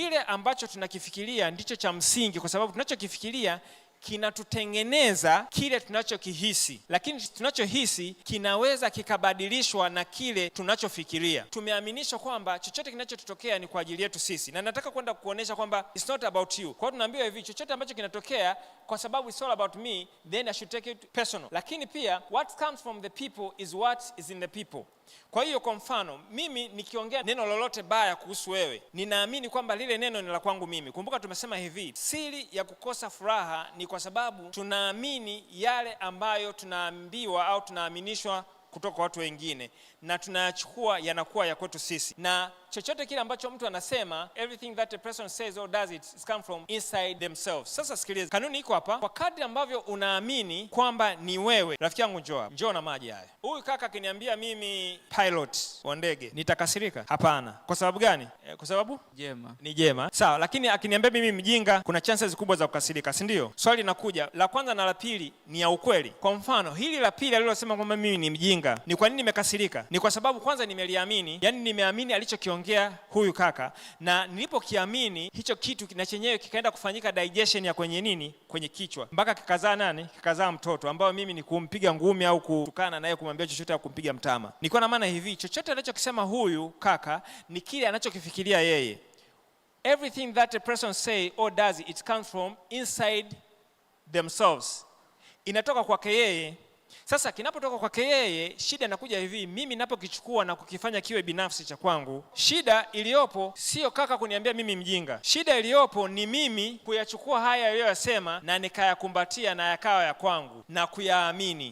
kile ambacho tunakifikiria ndicho cha msingi, kwa sababu tunachokifikiria kinatutengeneza kile tunachokihisi, lakini tunachohisi kinaweza kikabadilishwa na kile tunachofikiria. Tumeaminishwa kwamba chochote kinachotutokea ni kwa ajili yetu sisi, na nataka kwenda kuonyesha kwamba it's not about you. kwao tunaambiwa hivi, chochote ambacho kinatokea kwa sababu it's all about me, then I should take it personal. Lakini pia what comes from the people is what is in the people. Kwa hiyo kwa mfano, mimi nikiongea neno lolote baya kuhusu wewe, ninaamini kwamba lile neno ni la kwangu mimi. Kumbuka tumesema hivi, siri ya kukosa furaha ni kwa sababu tunaamini yale ambayo tunaambiwa au tunaaminishwa kutoka kwa watu wengine na tunayachukua yanakuwa ya kwetu sisi na chochote kile ambacho mtu anasema, everything that a person says or does it is come from inside themselves. Sasa sikiliza, kanuni iko hapa. Kwa kadri ambavyo unaamini kwamba ni wewe, rafiki yangu, njoa njoo na maji haya. Huyu kaka akiniambia mimi pilot wa ndege nitakasirika? Hapana. Kwa sababu gani? Eh, kwa sababu jema ni jema, sawa. Lakini akiniambia mimi mjinga, kuna chances kubwa za kukasirika, si ndio? Swali linakuja la kwanza na la pili ni ya ukweli. Kwa mfano hili la pili alilosema kwamba mimi ni mjinga, ni kwa nini nimekasirika? Ni kwa sababu kwanza nimeliamini, yani nimeamini alichokiongea alichokiongea huyu kaka, na nilipokiamini hicho kitu na chenyewe kikaenda kufanyika digestion ya kwenye nini, kwenye kichwa, mpaka kikazaa nani, kikazaa mtoto ambayo mimi ni kumpiga ngumi au kutukana naye, kumwambia chochote au kumpiga mtama. Nilikuwa na maana hivi, chochote anachokisema huyu kaka ni kile anachokifikiria yeye. Everything that a person say or does it comes from inside themselves, inatoka kwake yeye. Sasa kinapotoka kwake yeye, shida inakuja hivi, mimi napokichukua na kukifanya kiwe binafsi cha kwangu. Shida iliyopo siyo kaka kuniambia mimi mjinga, shida iliyopo ni mimi kuyachukua haya yaliyoyasema na nikayakumbatia na yakawa ya kwangu na kuyaamini.